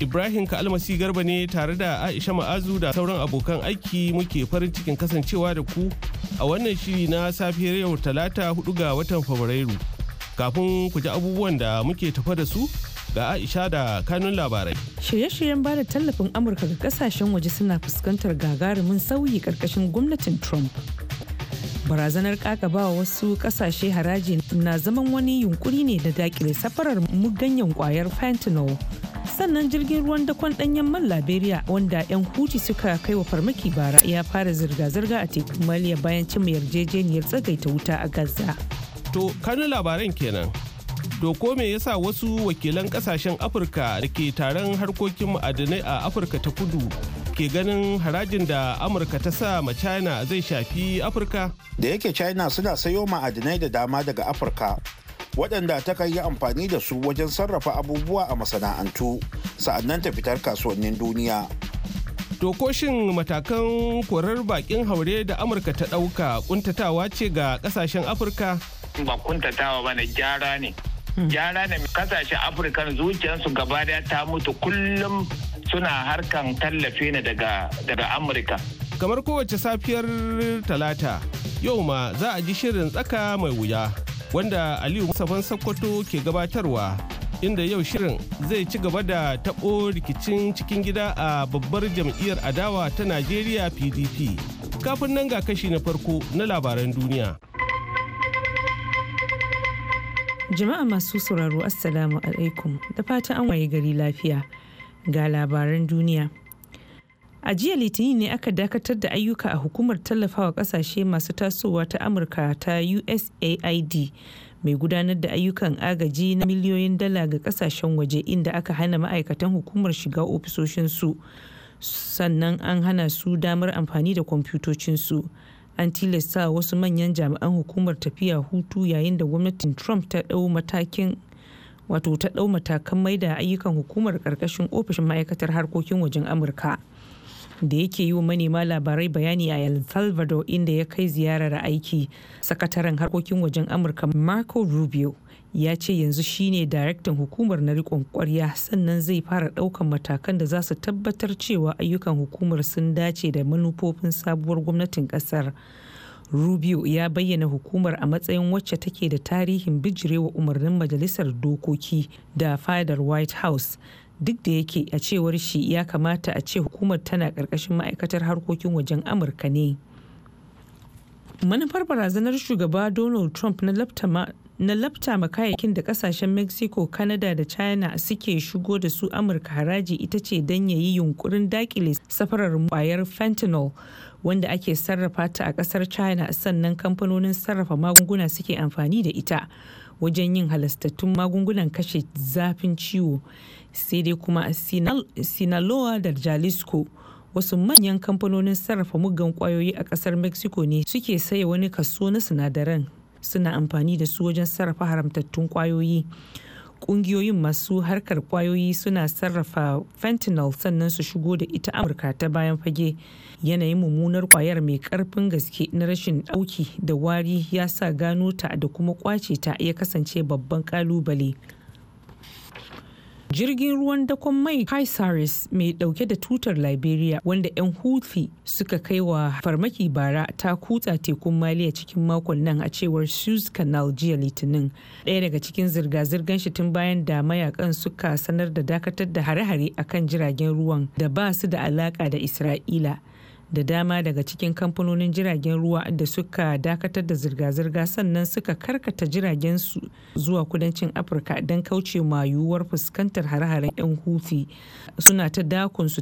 Ibrahim Kalmasi Garba ne tare da Aisha Ma'azu da sauran abokan aiki muke farin cikin kasancewa da ku a wannan shiri na safiyar yau talata hudu ga watan Fabrairu. Kafin ku ji abubuwan da muke tafa da su ga Aisha da kanun labarai. Shirye-shiryen bada tallafin Amurka ga kasashen waje suna fuskantar gagarumin sauyi karkashin gwamnatin Trump. barazanar kakaba wasu kasashe haraji na zaman wani yunkuri ne da dakile safarar muganyen kwayar fentanyl sannan jirgin ruwan dakon danyen man liberia wanda 'yan huti suka kai wa farmaki bara ya fara zirga-zirga a tekun maliya bayan cimma yarjejeniyar tsagaita wuta a gaza to kanu labaran kenan to ko me yasa wasu wakilan kasashen afirka da ke taron harkokin ma'adanai a afirka ta kudu ke ganin harajin da amurka ta sa ma china zai shafi afirka da yake china suna sayo ma'adanai da dama daga afirka waɗanda ta kan yi amfani da su wajen sarrafa abubuwa a masana'antu sa'annan ta fitar kasuwannin duniya. Tokoshin matakan korar bakin haure da Amurka ta ɗauka kuntatawa ce ga ƙasashen Afirka? Ba kuntatawa ba na gyara ne. Hmm. Gyara ne ƙasashen Afirka zuciyarsu gaba daya ta mutu kullum suna harkan tallafi ne daga Amurka. Kamar kowace safiyar talata, yau ma za a ji shirin tsaka mai wuya. wanda Aliyu Musafan Sokoto ke gabatarwa inda yau shirin zai ci gaba da taɓo rikicin cikin gida a babbar jam'iyyar adawa ta Najeriya PDP. Kafin nan ga kashi na farko na labaran duniya. Jama'a masu sauraro Assalamu alaikum da fata an waye gari lafiya ga labaran duniya. a jiya litinin ne aka dakatar da ayyuka a hukumar tallafawa kasashe masu tasowa ta amurka ta usaid mai gudanar da ayyukan agaji na miliyoyin dala ga kasashen waje inda aka hana ma'aikatan hukumar shiga ofisoshinsu sannan an hana su damar amfani da kwamfutocinsu an tilasta wasu manyan jami'an hukumar tafiya hutu yayin da gwamnatin trump ta ɗau matakin wato ta ɗau matakan maida ayyukan hukumar ƙarƙashin ofishin ma'aikatar harkokin wajen amurka da yake yi wa manema labarai bayani a El Salvador inda ya kai ziyarar aiki. Sakataren harkokin wajen Amurka Marco Rubio ya ce yanzu shine daraktan hukumar na rikon kwarya sannan zai fara daukan matakan da za su tabbatar cewa ayyukan hukumar sun dace da manufofin sabuwar gwamnatin kasar. Rubio ya bayyana hukumar a matsayin wacce take da tarihin bijirewa umarnin majalisar dokoki da fadar White House duk da yake a cewar shi ya kamata a ce hukumar tana ƙarƙashin ma'aikatar harkokin wajen amurka ne manufar barazanar shugaba donald trump na lafta ma da kasashen mexico canada da china suke shigo da su amurka haraji ita ce don ya yi yunkurin dakile safarar kwayar fentanyl wanda ake sarrafa ta a kasar china sannan kamfanonin sarrafa magunguna suke amfani da ita wajen yin halastattun magungunan kashe zafin ciwo sai dai kuma sinaloa da jalisco wasu manyan kamfanonin sarrafa muggan kwayoyi a kasar mexico ne suke saye wani kaso na sinadaran suna amfani da su wajen sarrafa haramtattun kwayoyi kungiyoyin masu harkar kwayoyi suna sarrafa fentanyl sannan su shigo da ita amurka ta bayan fage yanayin mummunar kwayar mai karfin gaske na rashin dauki da wari ya sa gano ta da kuma kwace ta ya kasance babban kalubale jirgin ruwan dakon mai Kaisaris mai dauke da tutar Liberia wanda 'yan Houthi suka kai wa farmaki bara ta kutsa tekun Maliya cikin makon nan a cewar Suez Canal jiya Litinin. Daya daga cikin zirga-zirgan shi tun bayan da mayakan suka sanar da dakatar da hare-hare akan jiragen ruwan da ba su da alaka da Isra'ila. da dama daga cikin kamfanonin jiragen ruwa da suka dakatar da zirga-zirga sannan suka karkata jiragen su zuwa kudancin afirka don kauce ma yiwuwar fuskantar hare-haren 'yan hufi suna ta dakon su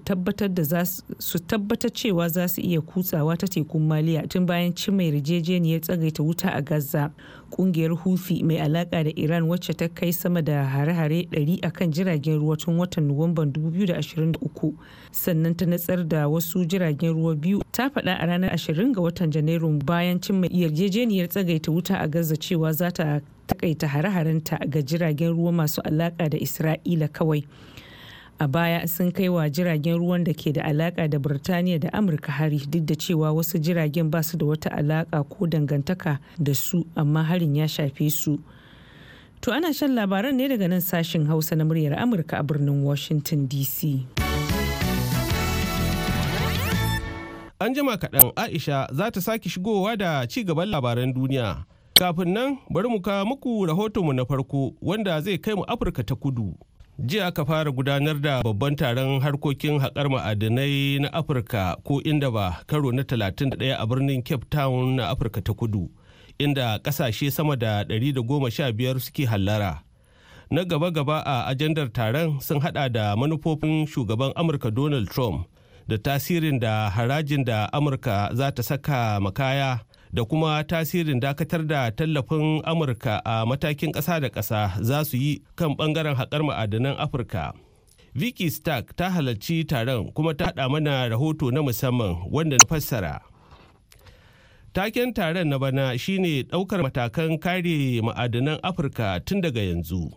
tabbatar cewa za su iya kutsawa ta tekun maliya tun bayan cimma yarjejeniyar tsagaita wuta a gaza kungiyar houthi mai alaka da iran wacce ta kai sama da hare-hare 100 a kan jiragen ruwa tun watan nuwamban 2023 sannan ta natsar da wasu jiragen ruwa biyu ta faɗa a ranar 20 ga watan janairun bayan cin mai yarjejeniyar tsagaita wuta a gaza cewa za ta takaita hare-harenta ga jiragen ruwa masu alaka da isra'ila kawai a baya sun kai wa jiragen ruwan da ke da alaka da birtaniya da amurka hari duk da cewa wasu jiragen ba su da wata alaka ko dangantaka da su amma harin ya shafe su to ana shan labaran ne daga nan sashen hausa na muryar amurka a birnin washington dc an jima kaɗan aisha za ta sake shigowa da ci gaban labaran duniya kafin nan bari mu kawo muku mu na farko wanda zai kai mu afirka ta kudu jiya aka fara gudanar da babban taron harkokin haƙar ma'adinai na afirka ko inda ba karo na 31 a birnin cape town na afirka ta kudu inda ƙasashe sama da 115 suke hallara na gaba-gaba a ajandar taron sun hada da manufofin shugaban amurka donald trump da tasirin da harajin da amurka za ta saka makaya da kuma tasirin dakatar da tallafin amurka a matakin ƙasa da ƙasa za su yi kan ɓangaren haƙar ma'adanan afirka vicky stark ta halarci taron kuma ta haɗa mana rahoto na musamman wanda na fassara taken taron na bana shine ɗaukar matakan kare ma'adanan afirka tun daga yanzu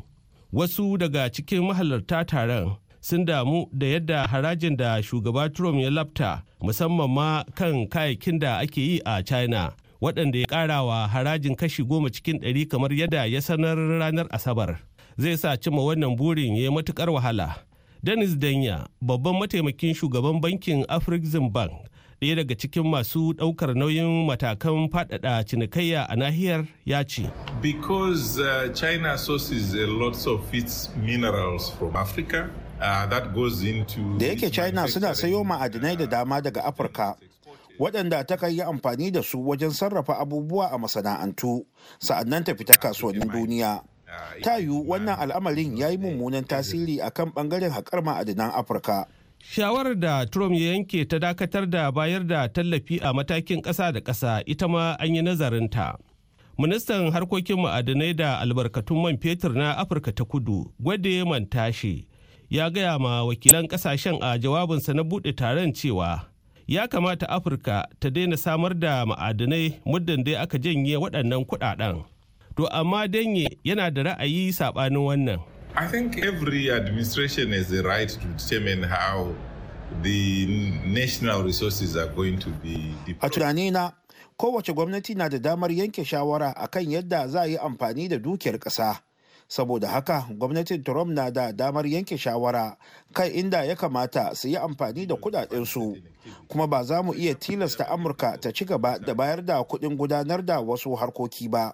wasu daga cikin mahalarta taron sun damu da yadda harajin da shugaba Trump ya lafta musamman ma kan kayakin da ake yi a China waɗanda ya karawa harajin kashi goma cikin ɗari kamar yadda ya sanar ranar asabar zai sa cimma wannan burin ya yi matuƙar wahala denis danya babban mataimakin shugaban bankin afrexim bank ɗaya daga cikin masu ɗaukar nauyin matakan faɗaɗa cinikayya a nahiyar ya ce. Because uh, China sources a of its minerals from Africa, uh, that goes into... Da yake China suna sayo ma'adinai da dama daga Afirka, waɗanda ta kai yi amfani da su wajen sarrafa abubuwa a masana'antu sa'annan ta fita kasuwannin duniya ta yiwu wannan al'amarin ya yi mummunan tasiri a kan ɓangaren haƙar ma'adinan afirka shawarar da trump ya yanke ta dakatar da bayar da tallafi a matakin ƙasa da ƙasa ita ma an yi nazarinta ministan harkokin Ma'adinai da albarkatun man fetur na afirka ta kudu gwade man tashi ya gaya ma wakilan kasashen a jawabinsa na buɗe taron cewa ya kamata afirka ta daina samar da ma'adanai muddin dai aka janye waɗannan kuɗaɗen to amma danye yana da ra'ayi saɓanin wannan i think every administration has the right to determine how the national resources are going to be a tunanina kowace gwamnati na da damar yanke shawara akan yadda za a yi amfani da dukiyar ƙasa saboda haka gwamnatin trump na da damar yanke shawara kai inda ya kamata su yi amfani da kudadensu kuma ba za mu iya tilasta amurka ta ci gaba da bayar da kudin gudanar da wasu harkoki ba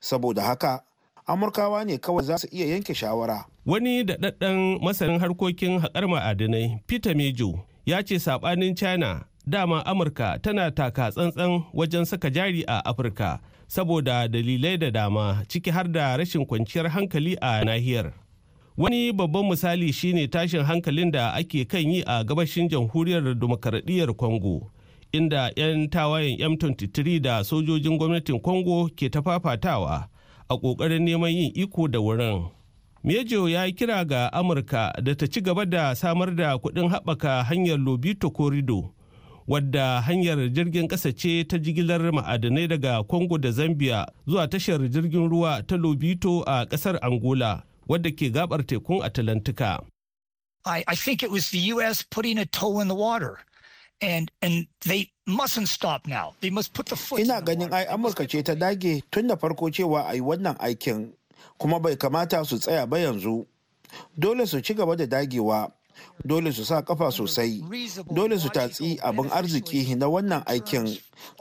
saboda haka amurkawa ne kawai za su iya yanke shawara wani daɗaɗɗen masanin harkokin haƙar ma'adinai peter mejo ya ce saɓanin china dama amurka tana taka tsantsan wajen saka jari a afirka saboda dalilai da dama ciki har da rashin kwanciyar hankali a nahiyar. Wani babban misali shine tashin hankalin da ake kan yi a gabashin jamhuriyar demokaradiyyar kongo inda 'yan tawayen M23 da sojojin gwamnatin kongo ke ta fafatawa a ƙoƙarin neman yin iko da wurin. Mejo ya kira ga Amurka da ta ci gaba da samar da kuɗin haɓaka hanyar Lobito Corridor wadda hanyar jirgin ƙasa ce ta jigilar ma'adanai daga Congo da Zambia zuwa tashar jirgin ruwa ta Lobito a ƙasar Angola wadda ke gabar tekun Atalantika. I, I U.S. putting a toe Ina ganin ai Amurka ce ta dage tun da farko cewa ai wannan aikin kuma bai kamata su tsaya ba yanzu. Dole su ci gaba da dagewa dole su sa kafa sosai dole su tatsi abin arziki na wannan aikin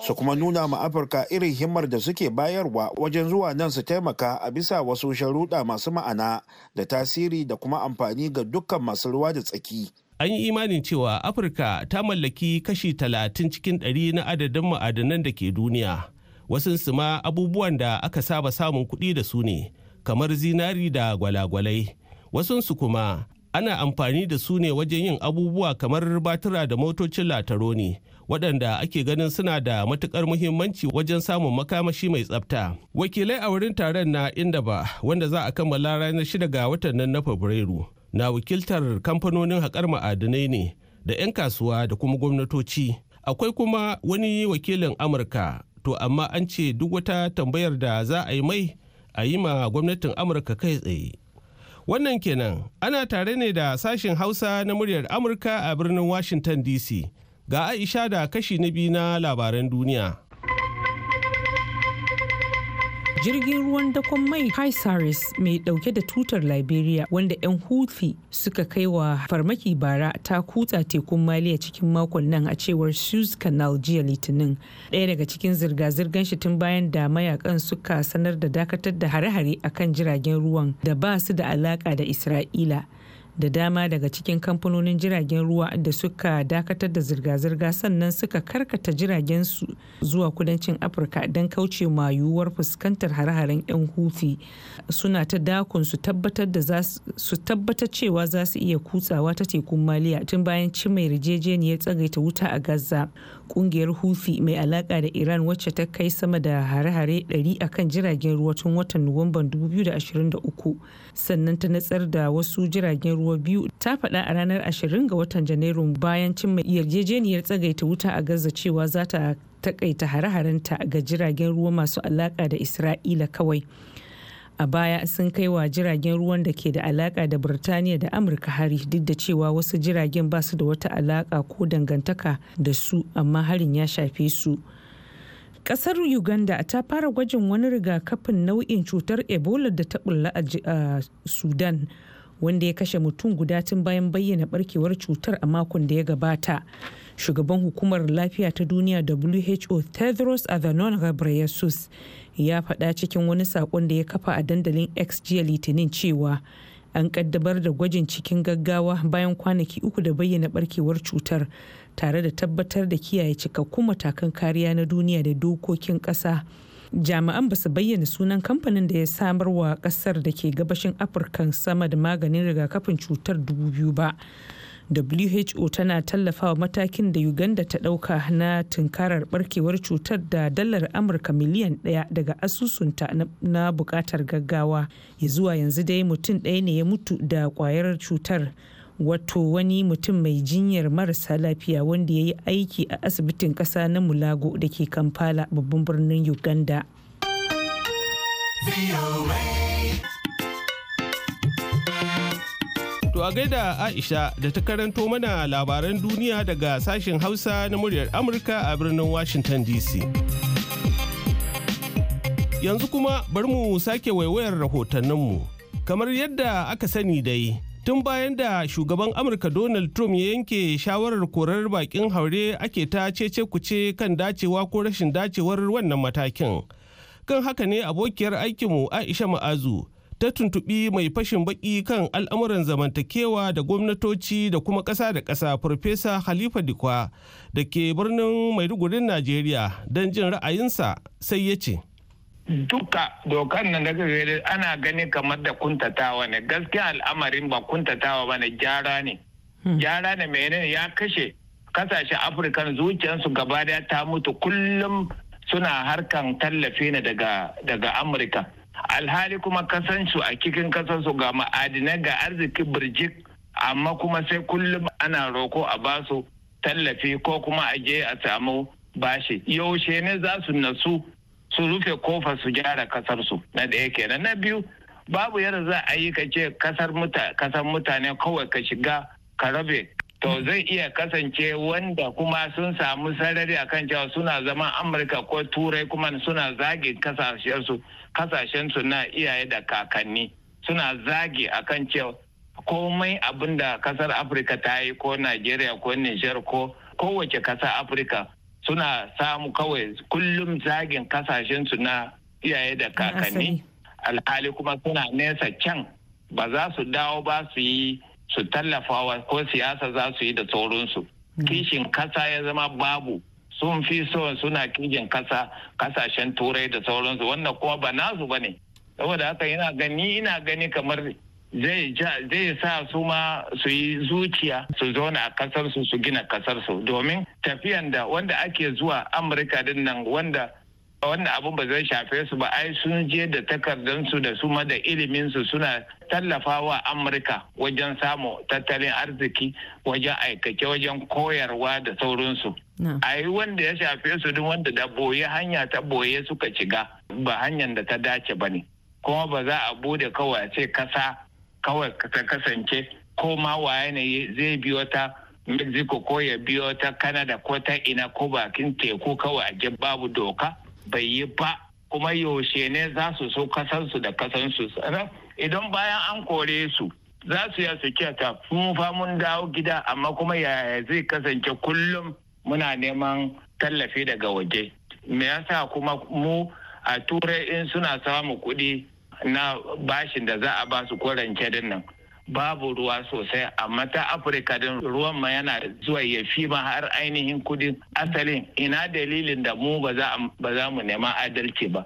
su kuma nuna ma afirka irin himmar da suke bayarwa wajen zuwa nan su taimaka a bisa wasu sharuɗa masu ma'ana da tasiri da kuma amfani ga dukkan masu ruwa da tsaki an yi imanin cewa afirka ta mallaki kashi talatin cikin ɗari na adadin ma'adanan da ke duniya wasu ma abubuwan da aka saba samun kuɗi da su ne kamar zinari da gwalagwalai wasunsu kuma ana amfani da su ne wajen yin abubuwa kamar batura da motocin lataroni waɗanda ake ganin suna da matuƙar muhimmanci wajen samun makamashi mai tsafta. Wakilai a wurin taron na inda ba wanda za a kammala ranar shida ga watan nan na Fabrairu na wakiltar kamfanonin haƙar ma'adinai ne da 'yan kasuwa da kuma gwamnatoci. Akwai kuma wani wakilin Amurka to amma an ce duk wata tambayar da za a yi mai a yi ma gwamnatin Amurka kai tsaye. Wannan kenan ana tare ne da sashen Hausa na muryar Amurka a birnin Washington DC. Ga Aisha da kashi na biyu na labaran duniya. jirgin ruwan dakon mai Kaisaris mai dauke da tutar Liberia wanda 'yan Houthi suka kai wa farmaki bara ta kutsa tekun Maliya cikin makon nan a cewar Suez Canal jiya Litinin. daya daga cikin zirga-zirgan shi tun bayan da mayakan suka sanar da dakatar da hare-hare akan jiragen ruwan da ba su da alaka da Isra'ila. da dama daga cikin kamfanonin jiragen ruwa da suka dakatar da zirga-zirga sannan suka karkata jiragen su zuwa kudancin afirka don kauce ma yiwuwar fuskantar hare-haren 'yan hufi suna ta dakon su tabbatar cewa za su iya kutsawa ta tekun maliya tun bayan cimma yarjejeniyar tsagaita wuta a gaza kungiyar Houthi mai alaka da Iran wacce ta kai sama da hare-hare 100 a kan jiragen ruwa tun watan Nuwamban 2023 sannan ta natsar da wasu jiragen ruwa biyu ta faɗa a ranar 20 ga watan Janairun bayan cimma yarjejeniyar tsagaita wuta a Gaza cewa za ta takaita hare-harenta ga jiragen ruwa masu alaka da Isra'ila kawai. a baya sun kai wa jiragen ruwan da ke da alaka da birtaniya da amurka hari duk da cewa wasu jiragen ba su da wata alaka ko dangantaka da su amma harin ya shafe su kasar uganda ta fara gwajin wani rigakafin nau'in cutar ebola da ta bulla a sudan wanda ya kashe mutum guda tun bayan bayyana barkewar cutar a makon da ya gabata shugaban hukumar lafiya ta duniya who tedros adhanom ghebreyesus ya faɗa cikin wani saƙon da ya kafa a dandalin x jiya litinin cewa an kaddamar da gwajin cikin gaggawa bayan kwanaki uku da bayyana barkewar cutar tare da tabbatar da kiyaye cikakkun matakan kariya na duniya da dokokin ƙasa jami'an ba su bayyana sunan kamfanin da ya samar wa ƙasar da ke gabashin afirka sama da maganin rigakafin cutar dubu biyu ba who tana tallafawa matakin da uganda ta ɗauka na tunkarar barkewar cutar da dalar amurka miliyan ɗaya daga asusunta na buƙatar gaggawa ya zuwa yanzu dai mutum ɗaya ne ya mutu da kwayar cutar wato wani mutum mai jinyar marasa lafiya wanda ya yi aiki a asibitin ƙasa na mulago da ke kampala babban birnin uganda. To a gaida Aisha da ta karanto mana labaran duniya daga sashen Hausa na muryar Amurka a birnin Washington DC. Yanzu kuma bari mu sake waiwayar rahotanninmu. Kamar yadda aka sani dai, tun bayan da shugaban Amurka Donald Trump ya yanke shawarar korar bakin haure ake ta cece kuce kan dacewa ko rashin dacewar wannan matakin. Kan haka ne abokiyar aikinmu Aisha Ma'azu. ta tuntubi mai fashin baki kan al'amuran zamantakewa da gwamnatoci da kuma kasa da kasa farfesa halifa dikwa da ke birnin maidugurin najeriya don jin ra'ayinsa sai ya ce duka dokar nan daga gare ana gani kamar da kuntatawa ne gaskiya al'amarin ba kuntatawa ba ne gyara ne hmm. gyara ne mai ya kashe kasashen afirkan zuciyarsu gaba daya ta mutu kullum suna harkan tallafi ne daga amurka alhali kuma kasansu a cikin kasansu ga ma'adinai ga arziki birjik amma kuma sai kullum ana roko a basu tallafi ko kuma a je a samu bashi yaushe ne za su nasu su rufe kofa su gyara kasarsu na ɗaya kenan na biyu babu yadda za a yi ka ce kasar mutane kawai ka shiga ka rabe to zai iya kasance wanda kuma sun samu sarari akan cewa suna zaman amurka ko turai kuma suna zage kasashensu na iyaye da kakanni suna zage akan cewa komai abin da kasar afirka ta yi ko nigeria ko nijar ko kowace kasar afirka suna samu kawai kullum zagin kasashensu na iyaye da kakanni alhali kuma suna nesa can ba za su dawo ba su yi su tallafawa ko siyasa za su yi da sauransu mm. kishin kasa ya zama babu sun fi so suna kijin kasa kasashen turai da sauransu wannan kuma ba nasu ba ne saboda haka yana gani ina gani kamar zai sa su ma su yi zuciya su zauna a kasarsu su gina kasarsu domin tafiyan da wanda ake zuwa amurka din nan wanda wanda abun ba zai shafe su ba ai sun je da takardansu da su da ilimin su suna tallafawa amurka wajen samu tattalin arziki wajen aikace wajen koyarwa da saurinsu. a yi wanda ya shafe su duk wanda da boye hanya ta boye suka shiga ba hanyar da ta dace ba ne kuma ba za a bude kawai ce kasa kawai ta kasance ko ma waye ne zai biyo ta mexico ko ya biyo ta canada ko ta ina ko bakin teku kawai a babu doka bai yi ba kuma yaushe ne za su so kasansu da kasansu sannan idan bayan an kore su za su ya su kyata mun fa mun dawo gida amma kuma yaya zai kasance kullum muna neman tallafi daga waje me yasa kuma mu a turai in suna samu kuɗi na bashin da za a ba su ko rance din nan babu ruwa sosai amma ta afirka din ruwan ma yana zuwa ya fi ma har ainihin kudin asalin ina dalilin da mu ba za mu nema adalci ba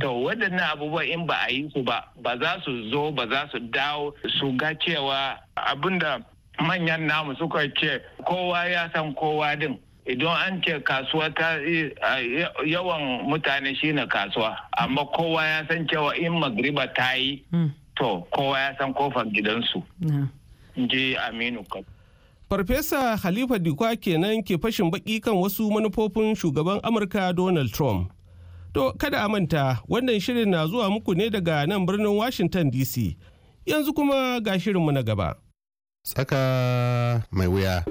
to waɗannan abubuwa in ba a yi su ba ba za su zo ba za su dawo su ga cewa abinda manyan namu suka ce kowa ya san kowa din idan an ce kasuwa ta eh, eh, yawan mutane shine kasuwa amma kowa ya san cewa in magriba ta yi hmm. to kowa ya san kofar gidansu je aminu farfesa Khalifa dikwa kenan ke fashin baki kan wasu manufofin shugaban amurka donald trump to kada a manta wannan shirin na zuwa muku ne daga nan birnin washington dc yanzu kuma ga shirinmu na gaba tsaka mai wuya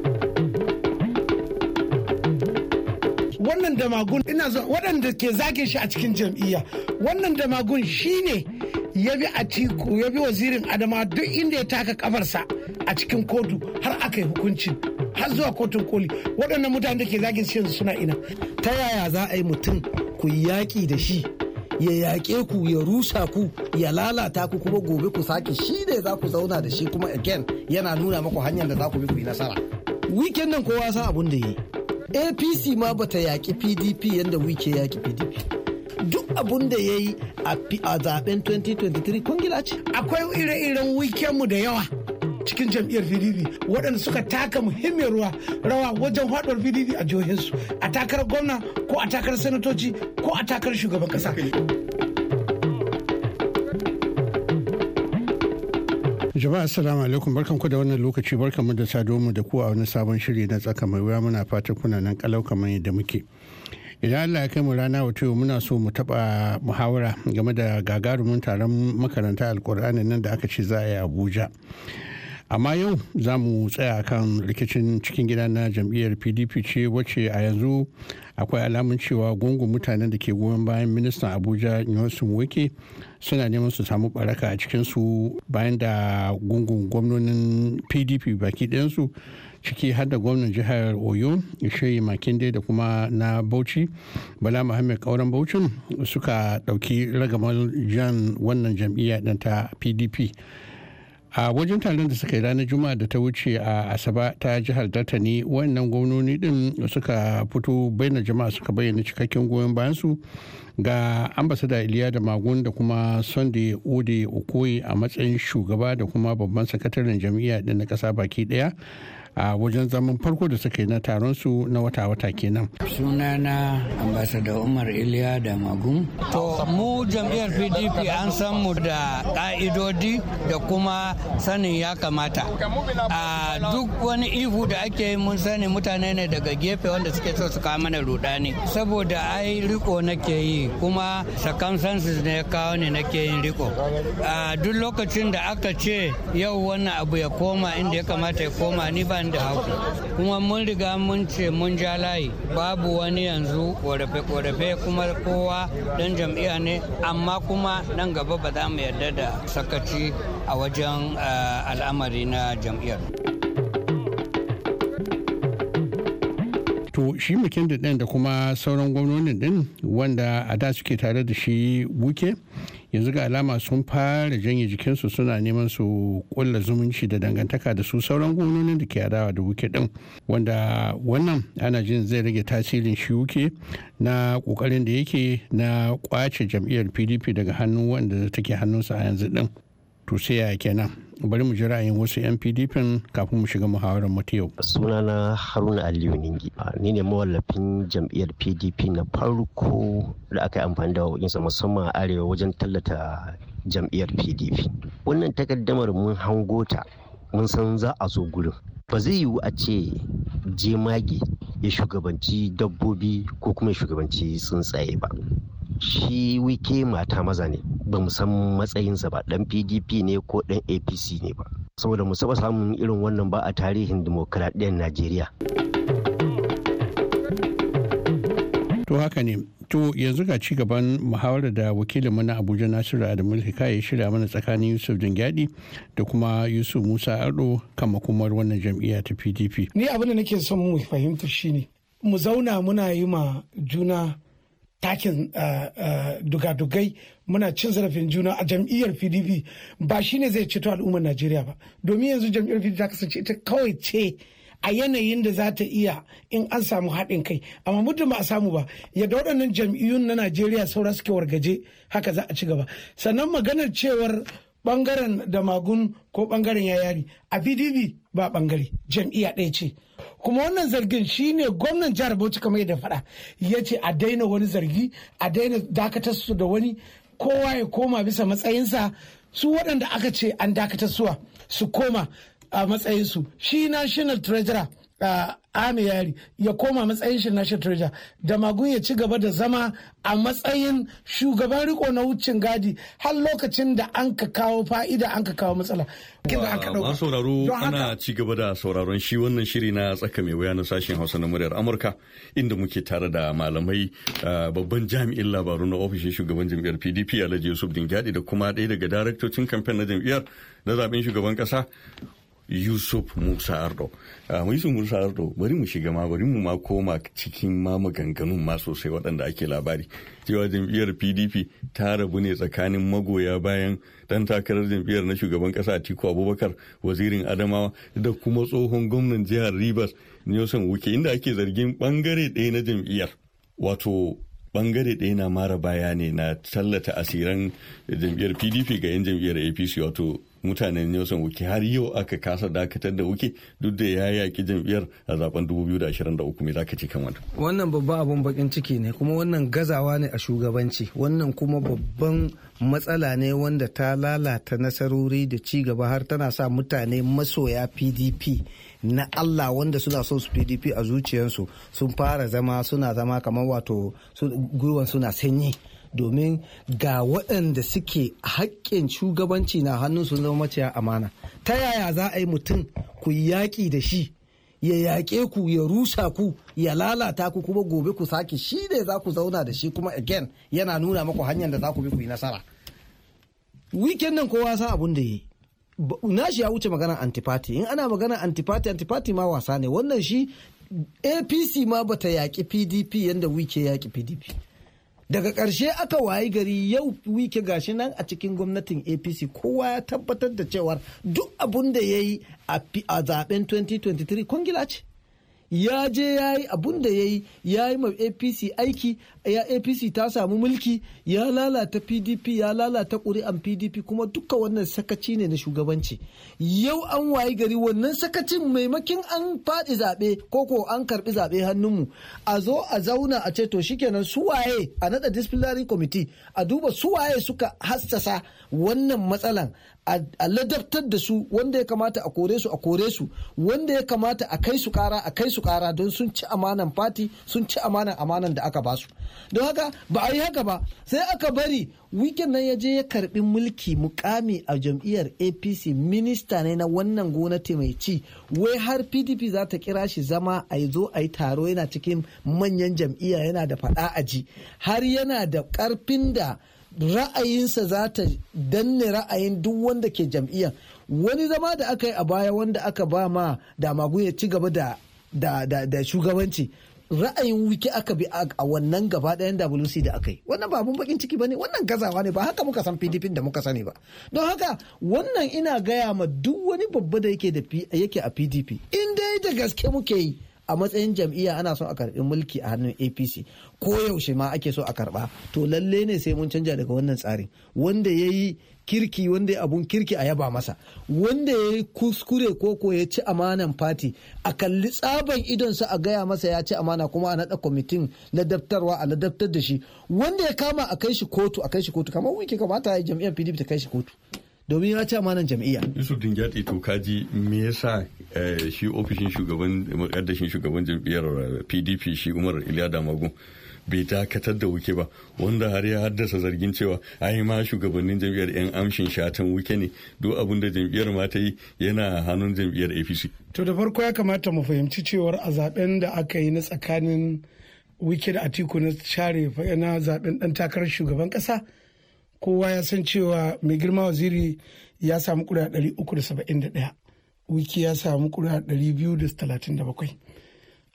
wannan damagun ina zo waɗanda ke zage shi a cikin jam'iyya wannan damagun shine ya bi a tiku ya bi wazirin adama duk inda ya taka kafarsa a cikin kotu har aka yi hukuncin har zuwa kotun koli waɗannan mutane da ke zage shi yanzu suna ina ta yaya za a yi mutum ku yaƙi da shi ya yaƙe ku ya rusa ku ya lalata ku kuma gobe ku sake shi ne za ku zauna da shi kuma again yana nuna maku hanyar da za ku bi ku yi nasara weekend nan kowa sa abun da yi apc ma bata yaƙi pdp yadda wike yaƙi pdp duk abun da ya yi a zaben 2023 kungila ce. Akwai ire-iren wikenmu da yawa cikin jam'iyyar PDP waɗanda suka taka muhimmiyar ruwa rawa wajen haɗuwar PDP a jihohinsu a takarar gwamna ko a takarar sanatoci ko a takarar shugaban ƙasa. jama'a assalamu alaikum ku da wannan lokaci barkan mu da saduwa mu da ku a wani sabon shiri na tsaka mai wuya muna fatan kuna nan kalau kamar yadda muke idan Allah ya kai mu rana wato muna so mu taba muhawara game da gagarumin taron makaranta alkur'ani nan da aka ce za a yi Abuja amma yau za mu tsaya kan rikicin cikin gida na jam'iyyar pdp ce wacce a yanzu akwai alamun cewa gungun mutanen da ke goyon bayan ministan abuja nyosun wake suna neman su samu baraka a cikinsu bayan da gungun gwamnonin pdp baki ɗayansu ciki har da gwamnan jihar oyo ishe makinde da kuma na bauchi bala muhammad kauran bauchin suka ɗauki ragamar jan wannan jam'iyya ɗanta pdp a wajen taron da suka yi ranar juma'a da ta wuce a asaba ta jihar delta ne wannan gwamnoni din suka fito bayyana jama'a suka bayyana cikakken goyon bayansu ga ambasada iliya da magun da kuma sunday ode okoye a matsayin shugaba da kuma babban sakataren jam'iyya din na kasa baki daya a wajen zaman farko da suka yi na taron su na wata-wata kenan sunana ambasada umar iliya da magun to mu jam'iyyar pdp an san mu da ka'idodi da kuma sanin ya kamata a duk wani ihu da ake mun sani mutane ne daga gefe wanda suke so su kawo mana rudani saboda ai riko nake yi kuma circumstances ne kawo ne nake yin riko a duk lokacin da aka ce yau wannan abu ya koma inda ya kamata ya koma ni ba nan da haku kuma mun riga mun ce mun ja layi babu wani yanzu korafe-korafe kuma kowa dan jam'iyya ne amma kuma nan gaba ba za mu yarda da sakaci a wajen eh, al'amari na jam'iyyar. to shi mckinley din da kuma sauran gwamnonin din wanda a da suke tare da shi wuke yanzu ga alama sun fara janye jikinsu suna neman su kulla zumunci da dangantaka da su sauran gwamnonin da ke adawa da wuke din wanda wannan ana jin zai rage tasirin shi wuke na kokarin da yake na kwace jam'iyyar pdp daga hannun wanda take hannunsa a yanzu din to sai ya kenan bari mu ji ra'ayin wasu 'yan pdp kafin mu shiga muhawarar mata yau yau sunana haruna aliyu ningi ni ne mawallafin jam'iyyar pdp na farko da aka yi amfani da wakinsa musamman a arewa wajen tallata jam'iyyar pdp wannan takaddamar mun hango ta mun san za a zo gurin ba zai yiwu a ce jemage ya shugabanci dabbobi ko kuma shugabanci tsuntsaye ba shi wike mata maza ne ba mu san matsayinsa ba dan pdp ne ko dan apc ne ba saboda mu saba samun irin wannan ba a tarihin demokradiyyar najeriya to haka ne to yanzu ga ci gaban muhawarar da wakilin mana abuja nasiru adamu hika ya shirya mana tsakanin yusuf jingadi da kuma yusuf musa ardo kan makomar wannan jam'iyya ta pdp ni abin da nake son mu fahimta shine mu zauna muna yi ma juna takin uh, uh, dugadugai muna cin zarafin juna a jam'iyyar pdp ba shine zai ceto al'ummar najeriya ba domin yanzu jam'iyyar pdp ta kasance ita kawai ce a yanayin da za ta iya in an samu haɗin kai amma muddin ba a samu ba yadda waɗannan jam'iyyun na najeriya saura suke wargaje haka za a ci gaba sannan maganar cewar bangaren da magun ko bangaren yayari a pdp ba bangare jam'iyya ɗaya ce kuma wannan zargin shi ne gwamnan jihar bauchi kamar yadda faɗa ya ce a daina wani zargi a daina dakatar su da wani kowa ya koma bisa matsayinsa su waɗanda aka ce an dakatar suwa su koma a matsayinsu shi national treasurer yari ya koma matsayin shi national treasure da magun ya ci gaba da zama a matsayin shugaban riko na wucin gadi har lokacin da an ka kawo fa'ida an ka kawo matsala ma sauraro ana ci gaba da sauraron shi wannan shiri na tsaka mai wuya na sashen hausa na muryar amurka inda muke tare da malamai babban jami'in labaru na ofishin shugaban jam'iyyar pdp alhaji yusuf dingadi da kuma daya daga daraktocin kamfen na jam'iyyar na zaben shugaban ƙasa yusuf musa ardo ah, yusuf musa ardo bari mu shiga ma bari mu ma koma cikin ma maganganun ma sosai waɗanda ake labari cewa jam'iyyar pdp ta rabu ne tsakanin magoya bayan dan takarar jam'iyyar na shugaban ƙasa atiku abubakar wazirin adamawa da kuma tsohon gwamnan jihar rivers nelson wuke inda ake zargin bangare ɗaya na jam'iyyar wato bangare ɗaya na mara baya ne na tallata asiran jam'iyyar pdp ga 'yan jam'iyyar apc wato mutanen Nelson wuki har yau aka kasa dakatar da Wuke duk da ya yaki jam'iyyar a zaben 2023 me zaka ce kan wannan wannan babban abun bakin ciki ne kuma wannan gazawa ne a shugabanci wannan kuma babban matsala ne wanda ta lalata nasarori da ci gaba har tana sa mutane masoya PDP na Allah wanda suna son su PDP a zuciyarsu sun fara zama suna zama kamar wato gwiwan suna sanyi domin ga waɗanda suke haƙƙin shugabanci na hannun su zama maciya amana ta yaya za a yi mutum ku yaƙi da shi ya yaƙe ku ya rusa ku ya lalata ku kuma gobe ku sake shi ne za ku zauna da shi kuma again yana nuna maku hanyar da za ku bi ku yi nasara weekend nan kowa sa abun da yi nashi ya wuce magana antipati in ana magana antipati antipati ma wasa ne wannan shi apc ma bata yaƙi pdp yadda wike yaƙi pdp daga ƙarshe aka wayi gari yau wike gashi nan a cikin gwamnatin apc kowa ya tabbatar da cewar duk abun da ya yi a zaben 2023 kwangila ce ya je ya yi abun da ya yi ya yi ma apc aiki ya apc ta samu mulki ya lalata pdp ya lalata ƙuri'an pdp kuma duka wannan sakaci ne na shugabanci yau an wayi gari wannan sakacin maimakin an faɗi zaɓe ko ko an karɓi zaɓe hannunmu a zo a zauna a ce to shikenan suwaye a naɗa disciplinary committee a duba su waye suka hassasa wannan matsalan a ladabtar da su wanda ya kamata a kore su a kore su wanda ya kamata a kai su kara a kai su kara don sun ci amanan fati sun ci amanan amanan da aka basu don haka ba a yi haka ba sai aka bari weekend nan ya je ya karbi mulki mukami a jam'iyyar apc minista ne na wannan gwamnati mai ci wai har pdp za ta kira shi zama a zo a yi taro yana cikin manyan jam'iyya yana da faɗa aji har yana da karfin da ra'ayinsa za ta danne ra'ayin duk wanda ke jam'iyyar wani zama da aka yi a baya wanda aka ba ma dama ya ci gaba da shugabanci ra'ayin wiki aka bi a wannan gaba ɗayan WC da aka yi wannan ba abun bakin ciki ba ne wannan gazawa ne ba haka muka san PDP da muka sani ba don haka wannan ina gaya ma duk wani babba da yake da yake a PDP in dai da gaske muke yi a matsayin jam'iyya ana son a karbi mulki a hannun apc ko yaushe ma ake so a karba to lalle ne sai mun canja daga wannan tsarin wanda ya yi kirki wanda ya abun kirki a yaba masa wanda ya yi kuskure ko ko ya ci amanan fati a kalli tsaban idon idonsa a gaya masa ya ci amana kuma a naɗa kwamitin ladabtarwa a ladabtar da shi wanda ya kama a kai shi kotu a kai shi kotu kamar wiki kamata ya jam'iyyar pdp ta kai shi kotu domin ya ci amanan jam'iyya. Yusuf Dingyadi to kaji me yasa eh, shi ofishin shugaban makaddashin shugaban jam'iyyar PDP eh, shi Umar Iliya Damagun bai dakatar da wuke ba wanda har ya haddasa zargin cewa ai ma shugabannin jam'iyyar yan amshin shatan wuke ne duk abin da jam'iyyar ma ta yi yana hannun jam'iyyar APC. To da farko ya kamata mu fahimci cewar a zaben da aka yi na tsakanin wike da Atiku na share na zaben dan takarar shugaban kasa kowa ya san cewa mai girma waziri ya samu kura 371 wiki ya samu kura 237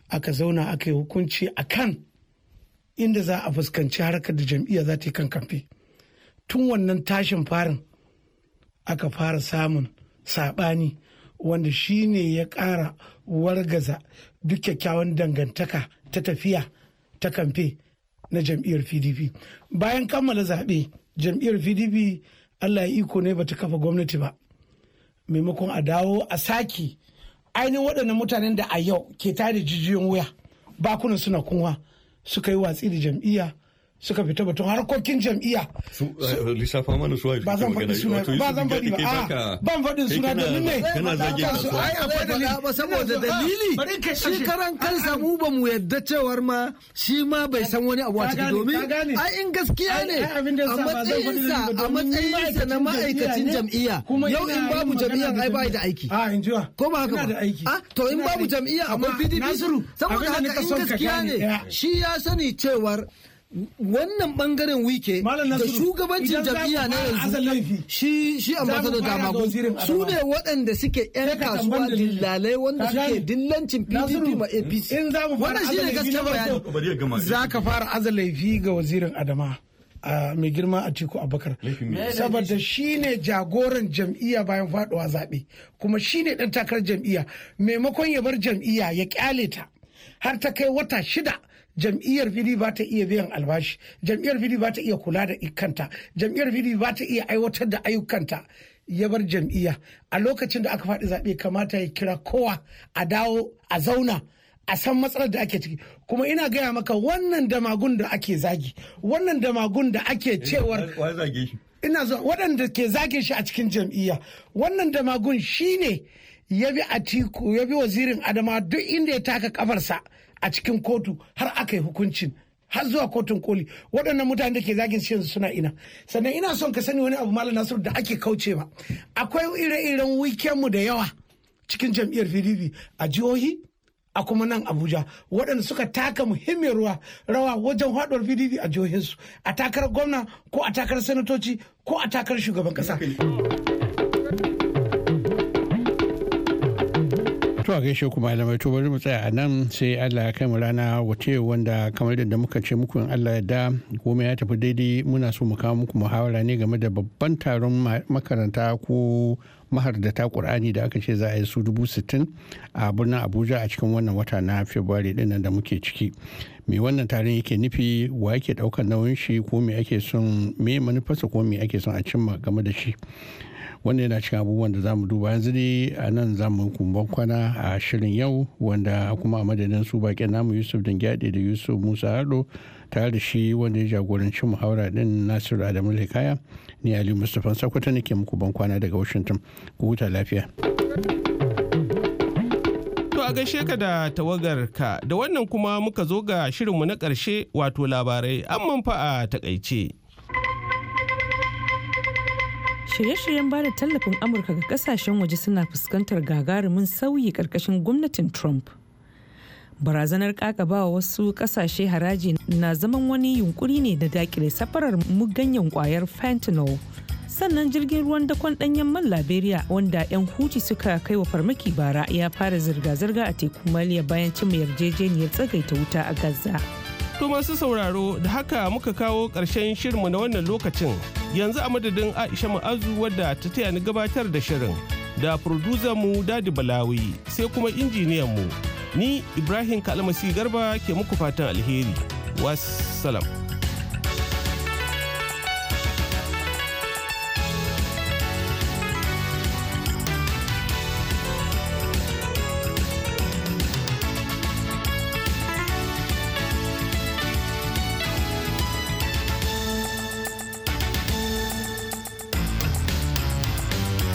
aka zauna aka yi hukunci a kan inda za a fuskanci harkar da jam'iyya za ta yi kan kamfe tun wannan tashin farin aka fara samun saɓani wanda shi ne ya ƙara wargaza duk kyakkyawan dangantaka ta tafiya ta kamfe na jam'iyyar pdp bayan kammala zaɓe jam'iyyar pdp allah ya iko ne bata kafa gwamnati ba maimakon a dawo a saki ainihin waɗannan mutanen da a yau ke tada jijiyoyin wuya bakunan suna kunwa suka yi watsi da jam'iyya suka fita batun harkokin jam'iyya. Eh, lissafa mana suwa ba zan faɗi suna ba zan faɗi ba ban faɗin suna da nune kana zage su ai akwai da ba saboda dalili shi karan kansa mu ba mu yadda cewar ma shi ma bai san wani abu a ciki domin ai in gaskiya ne a matsayinsa a matsayinsa na ma'aikacin jam'iyya yau in babu jam'iyya ai ah, ba da aiki ko ba haka ba to in babu jam'iyya akwai PDP saboda haka in gaskiya ne shi ya sani cewar wannan bangaren wike da shugabancin jam'iyya na yanzu shi shi da damagun su ne waɗanda suke yan kasuwa dillalai wanda suke dillancin pdp ma eh, apc wannan shi ne gaske bayani za ka fara aza laifi ga wazirin adama a mai girma a tiku abakar saboda shi ne jagoran jam'iyya bayan faduwa zaɓe kuma shi ne ɗan takarar jam'iyya maimakon ya bar jam'iyya ya ƙyale ta har ta kai wata shida jam'iyyar fili ba ta iya biyan albashi jam'iyyar fili ba ta iya kula da ikanta jam'iyyar fili ba ta iya aiwatar da ayyukanta ya bar jam'iyya a lokacin da aka faɗi zaɓe kamata ya kira kowa a dawo a zauna a san matsalar da ake ciki kuma ina gaya maka wannan damagun da ake zagi wannan damagun da ake eh, cewar ina zuwa waɗanda ke zage shi a cikin jam'iyya wannan damagun shine ya bi atiku ya bi wazirin adama duk inda ya taka kafarsa a cikin kotu har aka yi hukuncin har zuwa kotun koli waɗannan mutane da ke zagin yanzu suna ina sannan ina son ka sani wani abu malam nasiru da ake kauce ma akwai ire-iren mu da yawa cikin jam'iyyar pdp a jihohi a kuma nan abuja waɗanda suka taka muhimmiyar ruwa rawa wajen haɗuwar pdp a jihohinsu a takarar gwamna ko a takarar sanatoci ko a takarar shugaban ƙasa. To a gaishe kuma malamai to bari mu tsaya a nan sai Allah ya kai mu rana wace wanda kamar da muka ce muku in Allah ya da komai ya tafi daidai muna so mu kawo muku muhawara ne game da babban taron makaranta ko mahar mahardata Qur'ani da aka ce za a yi su dubu sittin a birnin Abuja a cikin wannan wata na february din da muke ciki. Me wannan taron yake nufi wa yake daukar nauyin shi ko me ake son me manufarsa ko me ake son a cimma game da shi. wanda yana cikin abubuwan da zamu duba yanzu ne a nan zamu kumban kwana a shirin yau wanda kuma a madadin su bakin namu yusuf dangyade da yusuf musa hado tare da shi wanda ya jagorancin muhawara din nasiru adamu lekaya ni ali mustapha sakwata nake muku ban kwana daga washington ku huta lafiya to a gaishe ka da tawagar ka da wannan kuma muka zo ga shirinmu na ƙarshe wato labarai an fa a takaice. Shirye-shiryen ba da tallafin Amurka ga kasashen waje suna fuskantar gagarumin sauyi karkashin gwamnatin Trump. Barazanar ƙaƙabawa wasu kasashe haraji na zaman wani yunkuri ne da dakile safarar muganyen ƙwayar fentanyl. Sannan jirgin ruwan dakon ɗanyen man Liberia wanda 'yan huci suka kai wa farmaki bara ya fara zirga-zirga a tekun Maliya bayan cimma yarjejeniyar tsagaita wuta a Gaza. To masu sauraro da haka muka kawo ƙarshen shirinmu na wannan lokacin yanzu a madadin Aisha Ma'azu wadda ta taya ni gabatar da shirin da mu Dadi Balawi sai kuma injiniyanmu ni Ibrahim Kalmasi Garba ke muku fatan alheri. Wassalam.